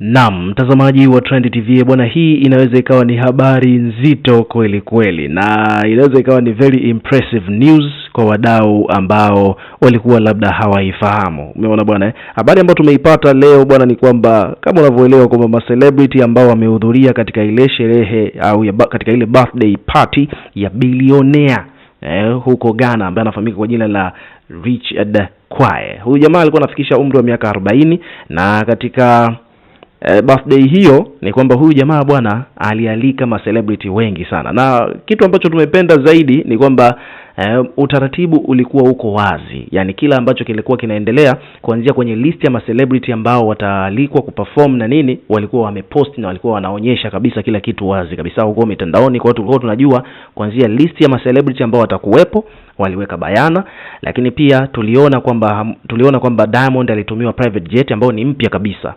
Naam, mtazamaji wa Trend TV bwana, hii inaweza ikawa ni habari nzito kweli kweli, na inaweza ikawa ni very impressive news kwa wadau ambao walikuwa labda hawaifahamu. Umeona bwana, eh? habari ambayo tumeipata leo bwana ni kwamba kama unavyoelewa kwamba ma celebrity ambao wamehudhuria katika ile sherehe au ya, katika ile birthday party ya bilionea eh, huko Ghana ambaye anafahamika kwa jina la Richard Kwae. Huyu jamaa alikuwa anafikisha umri wa miaka 40 na katika e, birthday hiyo ni kwamba huyu jamaa bwana alialika ma celebrity wengi sana, na kitu ambacho tumependa zaidi ni kwamba eh, utaratibu ulikuwa uko wazi, yani kila ambacho kilikuwa kinaendelea kuanzia kwenye list ya macelebrity ambao wataalikwa kuperform na nini, walikuwa wamepost na walikuwa wanaonyesha kabisa kila kitu wazi kabisa huko mitandaoni. Kwa hiyo tulikuwa tunajua kuanzia list ya macelebrity ambao watakuwepo, waliweka bayana, lakini pia tuliona kwamba tuliona kwamba Diamond alitumiwa private jet ambao ni mpya kabisa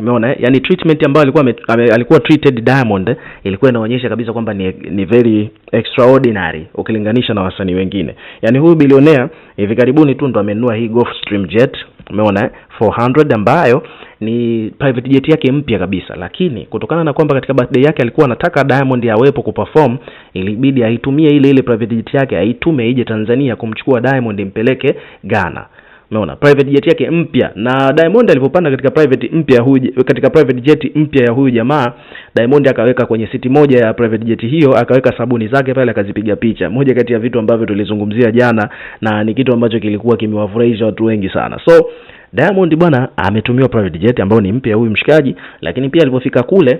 Umeona, eh? yani treatment ambayo alikuwa alikuwa treated Diamond eh, ilikuwa inaonyesha kabisa kwamba ni, ni very extraordinary ukilinganisha na wasanii wengine. Yani huyu bilionea hivi karibuni tu ndo amenunua hii Gulfstream jet, umeona 400 eh? ambayo ni private jet yake mpya kabisa, lakini kutokana na kwamba katika birthday yake alikuwa anataka Diamond awepo kuperform, ilibidi aitumie ile ile private jet yake aitume ije Tanzania kumchukua Diamond impeleke Ghana. Umeona private jet yake mpya, na Diamond alipopanda katika private mpya huyu katika private jet mpya ya huyu jamaa, Diamond akaweka kwenye siti moja ya private jet hiyo akaweka sabuni zake pale, akazipiga picha. Moja kati ya vitu ambavyo tulizungumzia jana, na ni kitu ambacho kilikuwa kimewafurahisha watu wengi sana. So Diamond bwana ametumiwa private jet ambayo ni mpya huyu mshikaji, lakini pia alipofika kule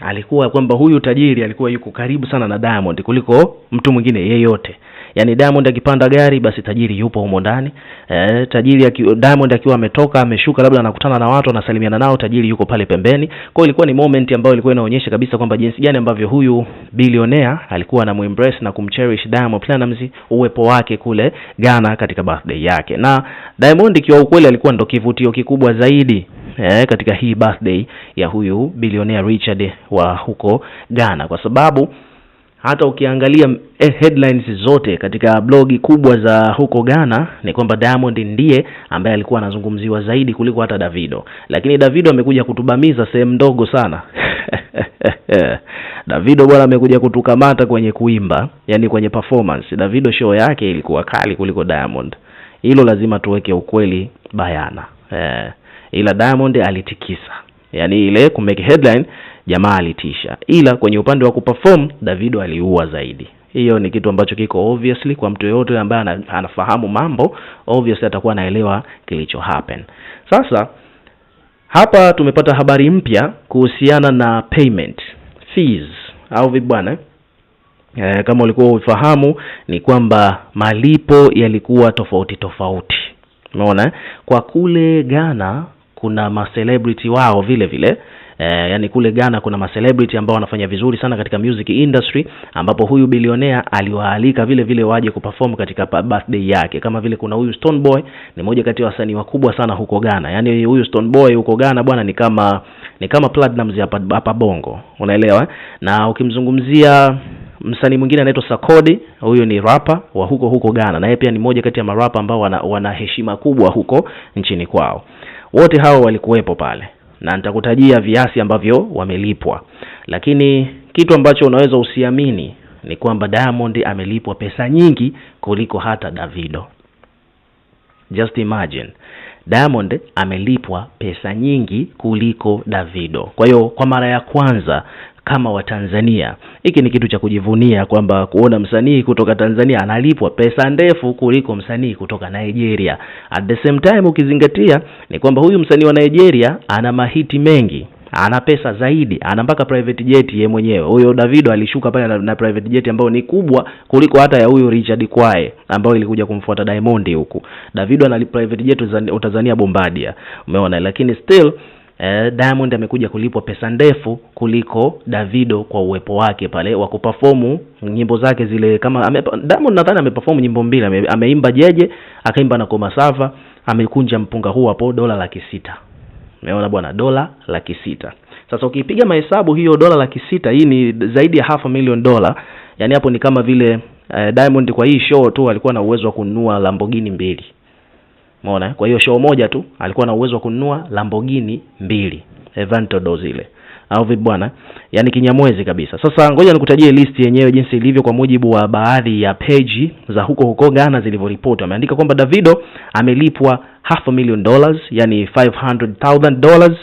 alikuwa kwamba huyu tajiri alikuwa yuko karibu sana na Diamond kuliko mtu mwingine yeyote. Yaani Diamond akipanda gari basi tajiri yupo humo ndani. Eh, tajiri aki, Diamond akiwa ametoka ameshuka, labda anakutana na watu anasalimiana nao, tajiri yuko pale pembeni. Kwa ilikuwa ni moment ambayo ilikuwa inaonyesha kabisa kwamba jinsi gani ambavyo huyu bilionea alikuwa anamwembrace na kumcherish Diamond Platnumz uwepo wake kule Ghana katika birthday yake. Na Diamond kiwa ukweli alikuwa ndo kivutio kikubwa zaidi eh, katika hii birthday ya huyu bilionea Richard wa huko Ghana kwa sababu hata ukiangalia eh, headlines zote katika blogi kubwa za huko Ghana ni kwamba Diamond ndiye ambaye alikuwa anazungumziwa zaidi kuliko hata Davido, lakini Davido amekuja kutubamiza sehemu ndogo sana. Davido bwana amekuja kutukamata kwenye kuimba, yani kwenye performance. Davido show yake ilikuwa kali kuliko Diamond, hilo lazima tuweke ukweli bayana eh, ila Diamond alitikisa, yani ile kumeke headline jamaa alitisha, ila kwenye upande wa kuperform Davido aliua zaidi. Hiyo ni kitu ambacho kiko obviously kwa mtu yeyote ambaye anafahamu mambo, obviously atakuwa anaelewa kilicho happen. Sasa hapa tumepata habari mpya kuhusiana na payment fees au vibwana eh, kama ulikuwa ufahamu ni kwamba malipo yalikuwa tofauti tofauti, umeona kwa kule Ghana kuna ma celebrity wao vile vile eh, yani kule Ghana kuna macelebrity ambao wanafanya vizuri sana katika music industry, ambapo huyu bilionea aliwaalika vile vile waje kuperform katika birthday yake. Kama vile kuna huyu Stone Boy, ni moja kati ya wasanii wakubwa sana huko Ghana. Yani huyu Stone Boy huko Ghana bwana, ni kama ni kama Platinum hapa hapa Bongo, unaelewa. Eh? Na ukimzungumzia msanii mwingine anaitwa Sakodi, huyo ni rapa wa huko huko Ghana, na pia ni moja kati ya marapa ambao wana, wana heshima kubwa huko nchini kwao. Wote hao walikuwepo pale na nitakutajia viasi ambavyo wamelipwa, lakini kitu ambacho unaweza usiamini ni kwamba Diamond amelipwa pesa nyingi kuliko hata Davido. Just imagine Diamond amelipwa pesa nyingi kuliko Davido. Kwa hiyo kwa mara ya kwanza kama Watanzania. Hiki ni kitu cha kujivunia kwamba kuona msanii kutoka Tanzania analipwa pesa ndefu kuliko msanii kutoka Nigeria. At the same time, ukizingatia ni kwamba huyu msanii wa Nigeria ana mahiti mengi ana pesa zaidi, ana mpaka private jet ye mwenyewe. Huyo Davido alishuka pale na, na private jet ambayo ni kubwa kuliko hata ya huyo Richard Kwae ambayo ilikuja kumfuata Diamond huku. Davido ana private jet Utazania Bombardier, umeona, lakini still eh, Diamond amekuja kulipwa pesa ndefu kuliko Davido kwa uwepo wake pale wa kuperform nyimbo zake zile. Kama ame, Diamond nadhani ameperform nyimbo mbili, ame, ameimba Jeje akaimba na Koma Komasava, amekunja mpunga huu hapo dola laki sita. Umeona bwana, dola laki sita. Sasa ukipiga mahesabu hiyo dola laki sita hii ni zaidi ya half a million dollar. Yaani hapo ni kama vile eh, Diamond kwa hii show tu alikuwa na uwezo wa kununua Lamborghini mbili. Umeona? Eh? Kwa hiyo show moja tu alikuwa na uwezo wa kununua Lamborghini mbili Aventador zile au vipi bwana? Yaani kinyamwezi kabisa. Sasa ngoja nikutajie list yenyewe jinsi ilivyo kwa mujibu wa baadhi ya peji za huko huko Ghana zilivyoripoti. ameandika kwamba Davido amelipwa half a million dollars, yani 500,000 dollars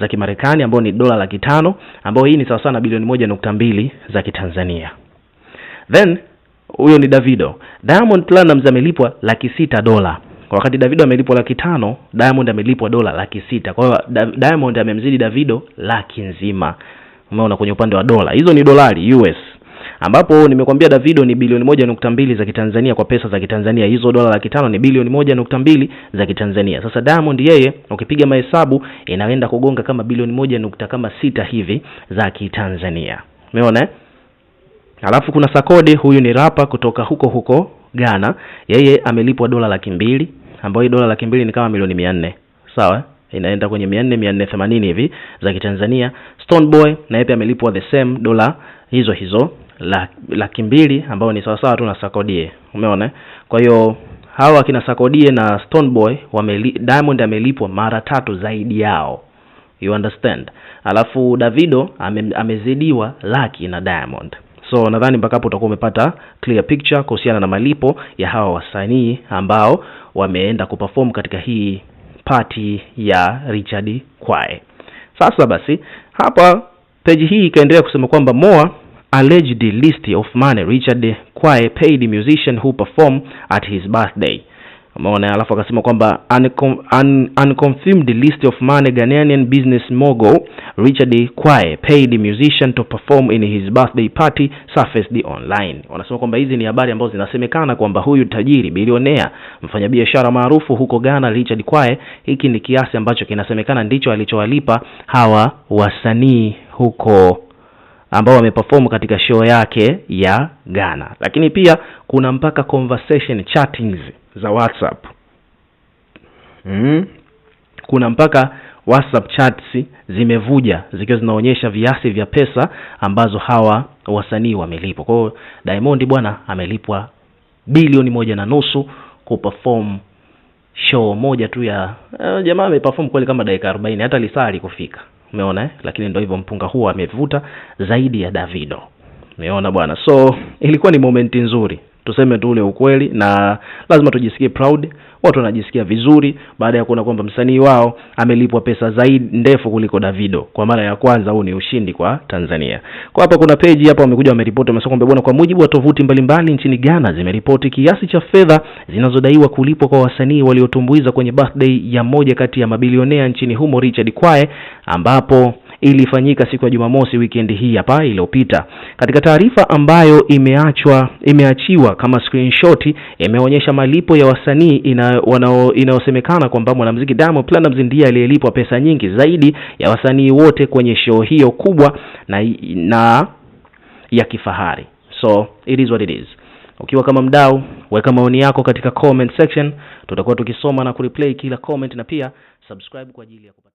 za Kimarekani ambao ni dola laki tano ambao hii ni sawa sana bilioni moja nukta mbili za Kitanzania. Then huyo ni Davido. Diamond Platnumz amelipwa laki sita dola wakati Davido amelipwa laki tano, Diamond amelipwa dola laki sita. Kwa hiyo Diamond amemzidi Davido laki nzima. Umeona kwenye upande wa dola, hizo ni dolari US ambapo nimekwambia Davido ni bilioni moja nukta mbili za Kitanzania kwa pesa za Kitanzania. Hizo dola laki tano ni bilioni moja nukta mbili za Kitanzania. Sasa Diamond yeye ukipiga mahesabu inaenda kugonga kama bilioni moja nukta kama sita hivi za Kitanzania. Umeona? Eh? Alafu kuna Sakode, huyu ni rapa kutoka huko huko Ghana, yeye amelipwa dola laki mbili ambayo dola laki mbili ni kama milioni mia nne sawa inaenda kwenye mia nne mia nne themanini hivi za Kitanzania. stoneboy Boy naye pia amelipwa the same dola hizo hizo laki mbili ambayo ni sawasawa tu na Sakodie, umeona. Kwa hiyo hawa akina Sakodie na stoneboy Diamond amelipwa mara tatu zaidi yao, you understand. Alafu Davido ame, amezidiwa laki na Diamond. So nadhani mpaka hapo utakuwa umepata clear picture kuhusiana na malipo ya hawa wasanii ambao wameenda kuperform katika hii party ya Richard Kwae. Sasa basi, hapa peji hii ikaendelea kusema kwamba Moa alleged list of money Richard Kwae paid musician who perform at his birthday Umeona, alafu akasema kwamba un, unconfirmed list of money Ghanaian business mogul Richard Kwae paid musician to perform in his birthday party surfaced online. Wanasema kwamba hizi ni habari ambazo zinasemekana kwamba huyu tajiri bilionea mfanyabiashara maarufu huko Ghana Richard Kwae, hiki ni kiasi ambacho kinasemekana ndicho alichowalipa hawa wasanii huko ambao wameperform katika show yake ya Ghana, lakini pia kuna mpaka conversation chattings za WhatsApp mm. Kuna mpaka WhatsApp chats zimevuja zikiwa zinaonyesha viasi vya pesa ambazo hawa wasanii wamelipwa. Kwa hiyo Diamond bwana amelipwa bilioni moja na nusu kuperform show moja tu ya uh, jamaa ameperform kweli kama dakika 40 hata lisali kufika umeona eh? Lakini ndio hivyo, mpunga huo amevuta zaidi ya Davido, umeona bwana. So ilikuwa ni momenti nzuri. Tuseme tu ule ukweli, na lazima tujisikie proud. Watu wanajisikia vizuri baada ya kuona kwamba msanii wao amelipwa pesa zaidi ndefu kuliko Davido kwa mara ya kwanza. Huu ni ushindi kwa Tanzania. Kwa hapa kuna peji hapa wamekuja wameripoti, wamesema kwamba bwana, kwa mujibu wa tovuti mbalimbali nchini Ghana zimeripoti kiasi cha fedha zinazodaiwa kulipwa kwa wasanii waliotumbuiza kwenye birthday ya moja kati ya mabilionea nchini humo Richard Kwae ambapo ilifanyika siku ya Jumamosi weekend hii hapa iliyopita. Katika taarifa ambayo imeachwa imeachiwa kama screenshot, imeonyesha malipo ya wasanii inayosemekana ina kwamba mwanamuziki Diamond Platnumz ndiye aliyelipwa pesa nyingi zaidi ya wasanii wote kwenye show hiyo kubwa na, na ya kifahari. So it is what it is. Ukiwa kama mdau, weka maoni yako katika comment section, tutakuwa tukisoma na kureplay kila comment, na pia subscribe kwa ajili ya kupata